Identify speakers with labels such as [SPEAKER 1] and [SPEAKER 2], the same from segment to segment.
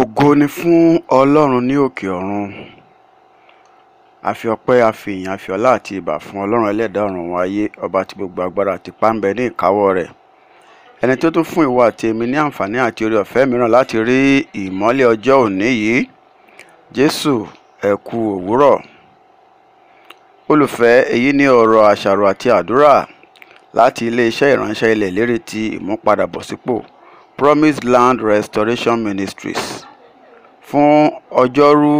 [SPEAKER 1] ògo ni fún ọlọ́run ní òkè ọ̀run àfi ọpẹ́ àfihàn àfi ọlá àti ìbà fún ọlọ́run ẹlẹ́dà ọ̀run wáyé ọba tí gbogbo agbára àti páńbẹ ní ìkáwọ́ rẹ̀ ẹni tó tún fún ìwọ àti èmi ní àǹfààní àti orí ọ̀fẹ́ mìíràn láti rí ìmọ́lẹ̀ ọjọ́ òní yìí jésù ẹ òwúrọ̀ olùfẹ́ èyí ni ọ̀rọ̀ àṣàrò àti àdúrà láti iléeṣẹ́ ìránṣẹ́ ilẹ̀ lérí ti ìmúpadàbọ̀sípò Promised Land Restoration Ministries fún ọjọ́rú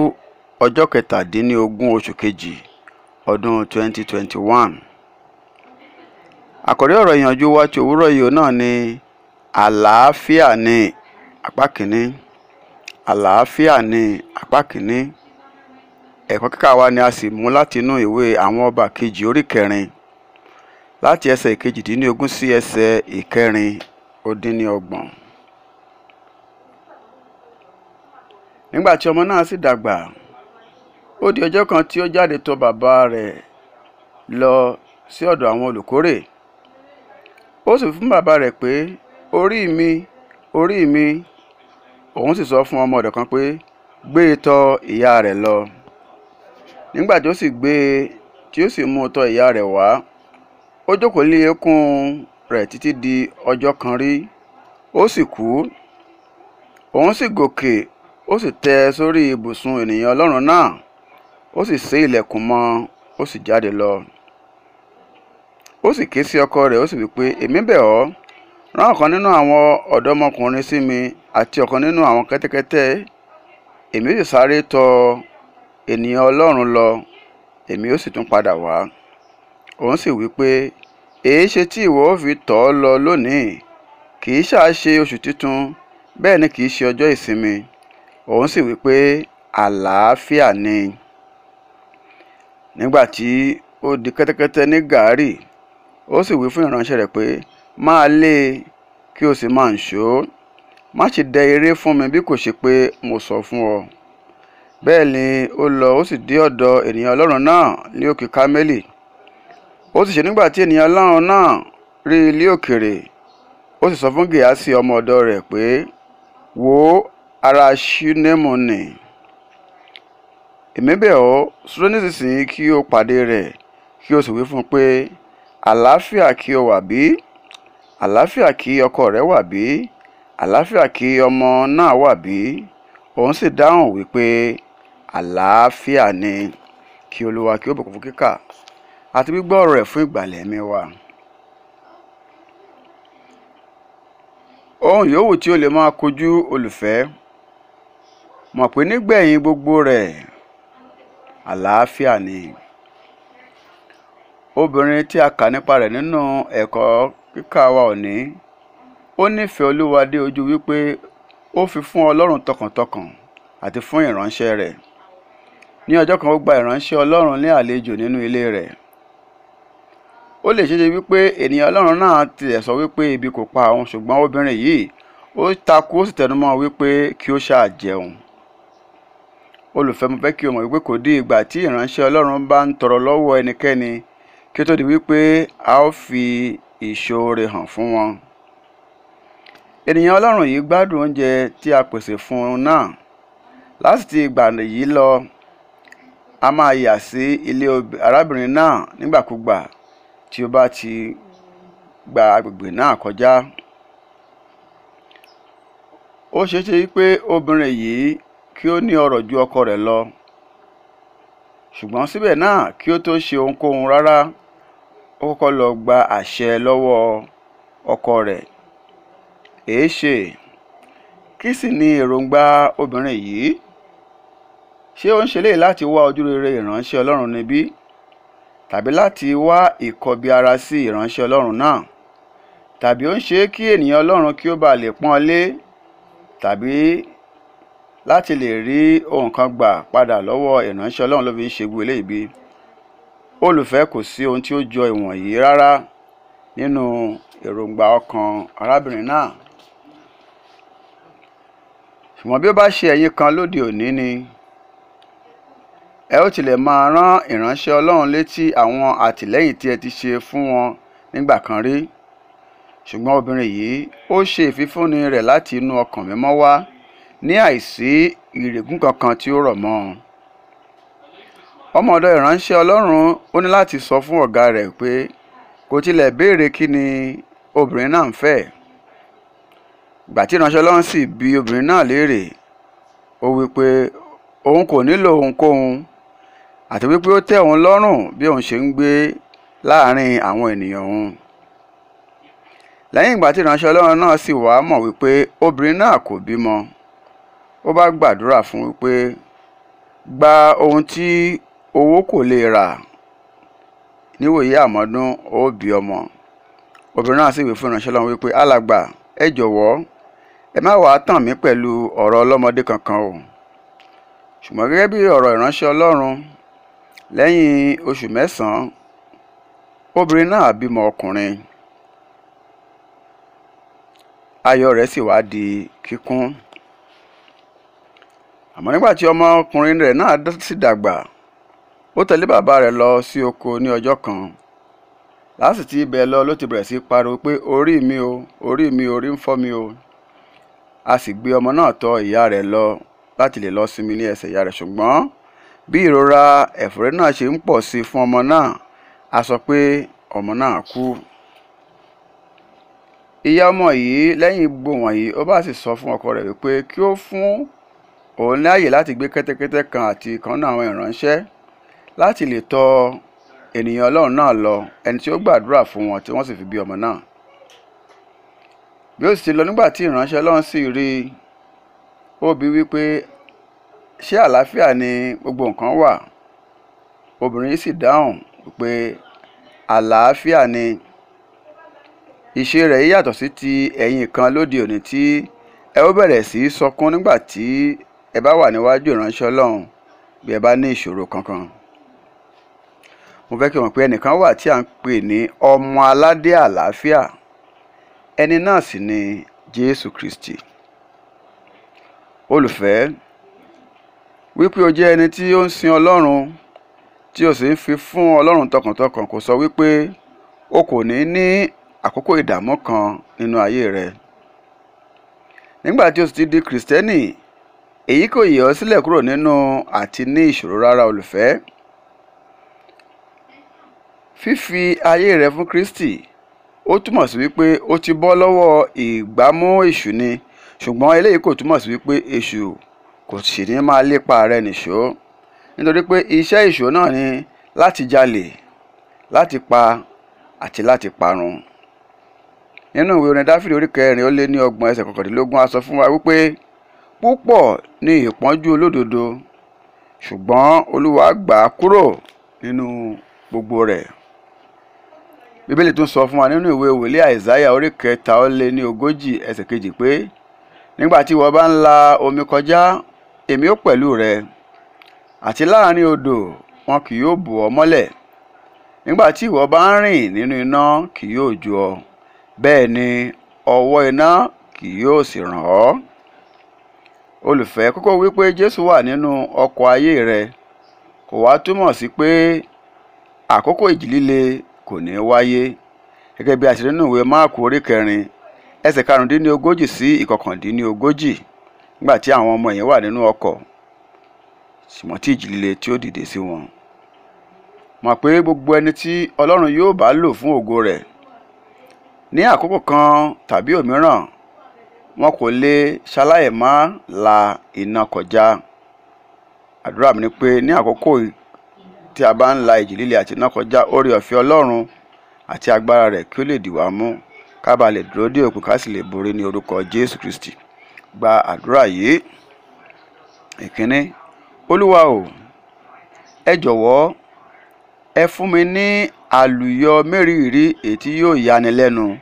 [SPEAKER 1] ọjọ́ kẹtàdínlógún oṣù kejì ọdún 2021 àkòrí ọ̀rọ̀ ìyànjú wa ti òwúrọ̀ yìí náà ni àlàáfíà ní apá kìíní àlàáfíà ní apá kìíní ẹ̀kọ́ kíkà wa ni a sì mú láti inú ìwé àwọn ọba kejì orí kẹrin láti ẹsẹ̀ ìkejìdínlógún sí ẹsẹ̀ ìkẹrin ó dín ní ọgbọ̀n. nígbà tí ọmọ náà sì dàgbà ó di ọjọ́ kan tí ó jáde tọ̀ bàbá rẹ̀ lọ sí ọ̀dọ̀ àwọn olùkórè ó sì fún bàbá rẹ̀ pé orí mi orí mi òun sì sọ fún ọmọ ọ̀dọ̀ kan pé gbé e tọ̀ ìyá rẹ̀ lọ nígbà tí ó sì gbé e tí ó sì mú un tọ̀ ìyá rẹ̀ wá ó jókòó lé eékún rẹ̀ títí di ọjọ́ kan rí ó sì kú òun sì gòkè ó sì tẹ sórí ibùsùn ènìyàn ọlọ́run náà ó sì sé ilẹ̀kùn mọ́ ó sì jáde lọ ó sì ké sí ọkọ rẹ̀ ó sì wí pé èmi bẹ̀ ọ́ rán ọ̀kan nínú àwọn ọ̀dọ́mọkùnrin sí mi àti ọ̀kan nínú àwọn kẹ́tẹ́kẹ́tẹ́ èmi ó sì sáré tọ ènìyàn ọlọ́run lọ èmi ó sì tún padà wá òun sì wí pé èé ṣe tí ìwọ ò fi tọ̀ ọ́ lọ lónìí kì í ṣáà ṣe oṣù titun bẹ́ẹ̀ ni kì í ṣe ọjọ́ ìsinmi òun sì wí pé àlàáfíà ni nígbà tí ó di kẹ́tẹ́kẹ́tẹ́ ní gàárì ó sì wí fún ìránṣẹ́ rẹ̀ pé máa lé e kí o sì máa ń ṣó má ṣe dẹ eré fún mi bí kò ṣe pé mo sọ fún ọ bẹ́ẹ̀ ni ó lọ ó sì dé ọ̀dọ̀ ènìyàn ọlọ́run náà ní òkè kámẹ́lì ó sì ṣe nígbà tí ènìyàn ọlọ́run náà rí ilé òkèrè ó sì sọ fún gèásì ọmọ ọ̀dọ̀ rẹ̀ pé wò ara Ṣínémù ni. Èmi bẹ̀ ọ́, súré nísinsìnyí kí o pàdé rẹ̀, kí o sì wí fún un pé, àlàáfíà kí o wà bí? Àlàáfíà kí ọkọ rẹ wà bí? Àlàáfíà kí ọmọ náà wà bí? Òun sì dáhùn wípé, àlàáfíà ni. Kí Olúwa kí ó bùkún fún kíkà àti gbígbọ́ ọ̀rọ̀ rẹ̀ fún ìgbàlẹ̀ ẹ̀mí wa. Ohun yòówù tí o lè máa kojú olùfẹ́ mọ̀ pé nígbẹ̀yìn gbogbo rẹ̀ àlàáfíà ni obìnrin tí a kà nípa rẹ̀ nínú ẹ̀kọ́ kíkà wa òní ó nífẹ̀ẹ́ olúwa dé ojú wípé ó fi fún ọlọ́run tọkàntọkàn àti fún ìránṣẹ́ rẹ̀ ní ọjọ́ kan ó gba ìránṣẹ́ ọlọ́run ní àlejò nínú ilé rẹ̀ ó lè ṣeé ṣe wípé ènìyàn ọlọ́run náà tilẹ̀ sọ wípé ebi kò pa òun ṣùgbọ́n obìnrin yìí ó takú ó sì tẹnumọ́ wípé kí ó ṣáà jẹun olùfẹ́ mo fẹ́ kí o mọ̀ wípé kò dé ìgbà tí ìránṣẹ́ ọlọ́run bá ń tọrọ lọ́wọ́ ẹnikẹ́ni kí ó tó di wípé a ó fi ìṣoore hàn fún wọn. ènìyàn ọlọ́run yìí gbádùn oúnjẹ tí a pèsè fún un náà láti ìgbà yìí lọ a máa yà sí ilé arábìnrin náà nígbàkúgbà tí ó bá ti gba agbègbè náà kọjá ó ṣeé ṣe wípé obìnrin yìí kí ó ní ọrọ̀ ju ọkọ rẹ̀ lọ ṣùgbọ́n síbẹ̀ náà kí ó tó ṣe ohunkóhun rárá ó kọ́kọ́ lọ gba àṣẹ lọ́wọ́ ọkọ rẹ̀ èé ṣe kí sì ni èròǹgbà obìnrin yìí ṣé ó ń ṣe léyìí láti wá ojúrere ìránṣẹ́ Ọlọ́run níbí tàbí láti wá ìkọbi ara sí ìránṣẹ́ Ọlọ́run náà tàbí ó ń ṣe kí ènìyàn Ọlọ́run kí ó bàa lè pọ́n ọ lé tàbí láti lè rí ohun kan gbà padà lọ́wọ́ ìránṣẹ́ ọlọ́run ló fi ń ṣe gbogbo eléyìí bí olùfẹ́ kò sí ohun tí ó jọ ìwọ̀nyí rárá nínú èròǹgbà ọkàn arábìnrin náà ṣùgbọ́n bí ó bá ṣe ẹ̀yin kan lóde òní ni ẹ ó tilẹ̀ máa rán ìránṣẹ́ ọlọ́run létí àwọn àtìlẹ́yìn tí ẹ ti ṣe fún wọn nígbà kan rí ṣùgbọ́n obìnrin yìí ó ṣe ìfifúnni rẹ̀ láti inú ọkàn mímọ́ wá ní àìsí ìrègùn kankan tí ó rọ̀ mọ́ ọn ọmọ ọ̀dọ̀ ìránṣẹ́ ọlọ́run ó ní láti sọ fún ọ̀gá rẹ̀ pé kò tilẹ̀ béèrè kí ni obìnrin náà ń fẹ́ ìgbà ìránṣẹ́ ọlọ́run sì bi obìnrin náà léèrè ó wí pé òun kò nílò ohunkóhun àti wípé ó tẹ́ òun lọ́rùn bí òun ṣe ń gbé láàárín àwọn ènìyàn òun lẹ́yìn ìgbà tí ìránṣẹ́ ọlọ́run náà sì wá mọ̀ wípé obìnrin náà kò bímọ ó bá gbàdúrà fún un pé gba ohun tí owó kò lè rà níwòye àmọ́dún ó bí ọmọ obìnrin náà sì wí fún ìránṣẹ́ lọ́wọ́ wípé alàgbà ẹ jọ̀wọ́ ẹ má wàá tàn mí pẹ̀lú ọ̀rọ̀ ọlọ́mọdé kankan o ṣùgbọ́n gẹ́gẹ́ bí ọ̀rọ̀ ìránṣẹ́ ọlọ́run lẹ́yìn oṣù mẹ́sàn-án obìnrin náà bímọ ọkùnrin ayọ̀ rẹ̀ sì wá di kíkún àmọ́ nígbà tí ọmọkùnrin rẹ̀ náà sì dàgbà ó tẹ̀lé bàbá rẹ̀ lọ sí oko ní ọjọ́ kan lásìtì ibẹ̀ lọ ló ti bẹ̀rẹ̀ sí pariwo pé orí mi o orí mi orí ń fọ́ mi o a sì gbé ọmọ náà tọ̀ ìyá rẹ̀ lọ láti lè lọ sinmi ní ẹsẹ̀ ìyá rẹ̀ ṣùgbọ́n bí ìrora ẹ̀fọ́rẹ́ náà ṣe ń pọ̀ sí i fún ọmọ náà a sọ pé ọmọ náà kú ìyá ọmọ yìí lẹ́yìn gbogbo wọ̀nyí ó bá sì sọ fún ọkọ rẹ̀ wípé kí ó fún òun ní àyè láti gbé kẹ́tẹ́kẹ́tẹ́ kan àti kan náà àwọn ìránṣẹ́ láti lè tọ ènìyàn ọlọ́run náà lọ ẹni tí ó gbàdúrà fún wọn tí wọ́n sì fi bí ọmọ náà bí ó sì ti lọ nígbà tí ìránṣẹ́ ọlọ́run sì rí i ó bi wípé ṣé àlàáfíà ni gbogbo nǹkan wà obìnrin yìí sì dáhùn pé àlàáfíà ni ìṣe rẹ̀ yìí sí ti ẹ̀yin kan lóde òní tí ẹ ó bẹ̀rẹ̀ sí í sọkún nígbà tí ẹ bá wà níwájú ìránṣẹ́ ọlọ́run bí ẹ bá ní ìṣòro kankan mo fẹ́ kí wọ́n pé ẹnìkan wà tí à ń pè ní ọmọ aládé àlàáfíà ẹni náà sì ni jésù kristi olùfẹ́ wípé o jẹ́ ẹni tí ó ń sin ọlọ́run tí o sì ń fi fún ọlọ́run tọkàntọkàn kò sọ wípé o kò ní ní àkókò ìdààmú kan nínú ayé rẹ nígbà tí o sì ti di kìrìsìtẹ́nì èyí kò yẹ ọ́ sílẹ̀ kúrò nínú àti ní ìṣòro rárá olùfẹ́ fífi ayé rẹ fún Kristi ó túmọ̀ sí wípé ó ti bọ́ lọ́wọ́ ìgbámú èṣù ni ṣùgbọ́n eléyìí kò túmọ̀ sí wípé èṣù kò sì ní máa lépa rẹ nìṣó nítorí pé iṣẹ́ èṣù náà ni láti jalè láti pa àti láti parun nínú ìwé orin Dáfídì orí kẹrin ó lé ní ọgbọ̀n ẹsẹ̀ kọkàndínlógún a sọ fún wa wípé púpọ̀ ni ìpọ́njú olódodo ṣùgbọ́n olúwa gbà á kúrò nínú gbogbo rẹ̀ bíbélì tún sọ fún wa nínú ìwé wòlíì àìsáyà orí kẹta ó lé ní ogójì ẹsẹ̀ kejì pé nígbà tí ìwọ bá ń la omi kọjá èmi ó pẹ̀lú rẹ àti láàrin odò wọn kì yóò bò ọ mọ́lẹ̀ nígbà tí ìwọ bá ń rìn nínú iná kì yóò jó ọ bẹ́ẹ̀ ni ọwọ́ iná kì yóò sì ràn ọ́ olùfẹ́ kókó wípé jésù wà nínú ọkọ̀ ayé rẹ kò wá túmọ̀ sí pé àkókò ìjì líle kò ní wáyé gẹ́gẹ́ bí a ti rí nínú ìwé máàkù orí kẹrin ẹsẹ̀ karùndínlógójì sí ìkọkàndínlógójì nígbà tí àwọn ọmọ yẹn wà nínú ọkọ̀ ṣùgbọ́n tí ìjì líle tí ó dìde sí wọn. mọ̀ pé gbogbo ẹni tí ọlọ́run yóò bá lò fún ògo rẹ̀ ní àkókò kan tàbí òmíràn wọn kò lè ṣaláì má la iná kọjá àdúrà mi ni pé ní àkókò tí a bá ń la ìjì líle àti iná kọjá oore ọ̀fẹ́ ọlọ́run àti agbára rẹ̀ kí ó lè dì mú ká ba lè dúró dé òkú ká sì lè borí ní orúkọ jésù kristi gba àdúrà yìí ìkíní olúwa o ẹ jọ̀wọ́ ẹ fún mi ní àlùyọ mẹ́rìírí èyí tí yóò yani lẹ́nu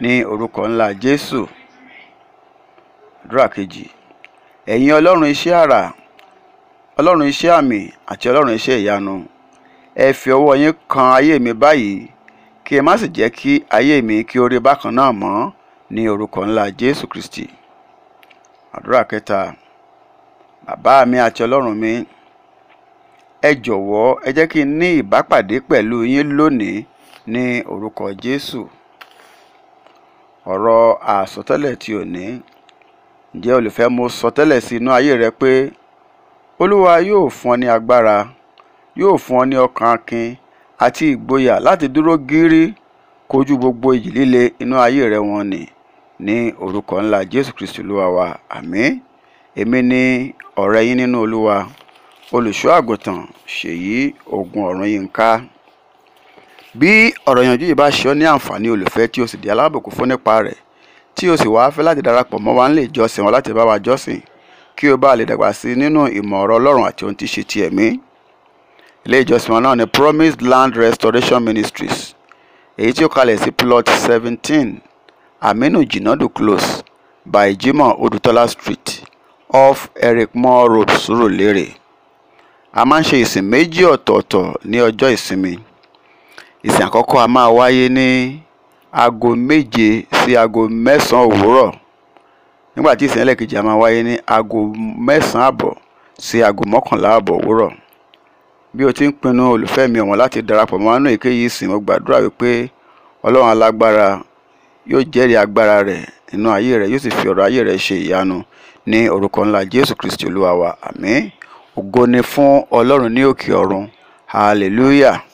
[SPEAKER 1] ní orúkọ ńlá jésù àdúrà kejì ẹ̀yin ọlọ́run iṣẹ́ àrà ọlọ́run iṣẹ́ àmì àti ọlọ́run iṣẹ́ ìyanu ẹ fi ọwọ́ yín kan ayé mi báyìí kí ẹ má sì jẹ́ kí ayé mi kí ó rí bákan náà mọ́ ní orúkọ ńlá jésù kristi àdúrà kẹta bàbá mi àti ọlọ́run mi ẹ jọ̀wọ́ ẹ jẹ́ kí n ní ìbápàdé pẹ̀lú yín lónìí ní orúkọ jésù ọ̀rọ̀ àsọtẹ́lẹ̀ tí ò ní ǹjẹ́ olùfẹ́ mo sọ tẹ́lẹ̀ sí inú ayé rẹ pé olúwa yóò fún ọ ní agbára yóò fún ọ ní ọkàn akin àti ìgboyà láti dúró gírí kojú gbogbo ìjì líle inú ayé rẹ wọn ni ní orúkọ ńlá jésù kristu olúwa wa àmín èmi ni ọ̀rẹ́ yín nínú olúwa olùṣọ́ àgùntàn ṣèyí ogun ọ̀run yín ká bí ọ̀rọ̀ ìyànjú yìí bá ṣe ní àǹfààní olùfẹ́ tí o sì di alábòkú fún nípa rẹ̀ tí o sì wáá fẹ́ láti darapọ̀ mọ́ wa nílé ìjọsìn wa láti bá wa jọ́sìn kí o bá lè dàgbà sí nínú ìmọ̀ ọ̀rọ̀ ọlọ́run àti ohun tí ṣe ti ẹ̀mí. ilé ìjọsìn wa náà ni Promised Land Restoration Ministries èyí tí ó kalẹ̀ sí plot seventeen Aminu Jinadu close by Jimoh Odutola Street off Eric Moore Road Surulere a máa ń ṣe ìsìn méjì ọ̀tọ̀ọ̀tọ̀ ní ọjọ́ ìsinmi ìsìn àkọ́kọ́ a máa wáyé ní. Ni aago méje sí aago mẹ́sàn-án òwúrọ̀ nígbà tí ìsìn ẹlẹ́ẹ̀kejì a máa wáyé ní aago mẹ́sàn-án àbọ̀ sí aago mọ́kànlá àbọ̀ òwúrọ̀ bí o ti ń pinnu olùfẹ́ mi ọ̀wọ́n láti darapọ̀ mọ́ àánú èkéyìí ìsìn mo gbàdúrà wípé ọlọ́run alágbára yóò jẹ́rìí agbára rẹ̀ nínú ayé rẹ̀ yóò sì fi ọ̀rọ̀ ayé rẹ̀ ṣe ìyanu ní orúkọ ńlá jésù kristi olúwa wa àmín ògo ni fún ọlọ́run ní òkè ọ̀run hallelujah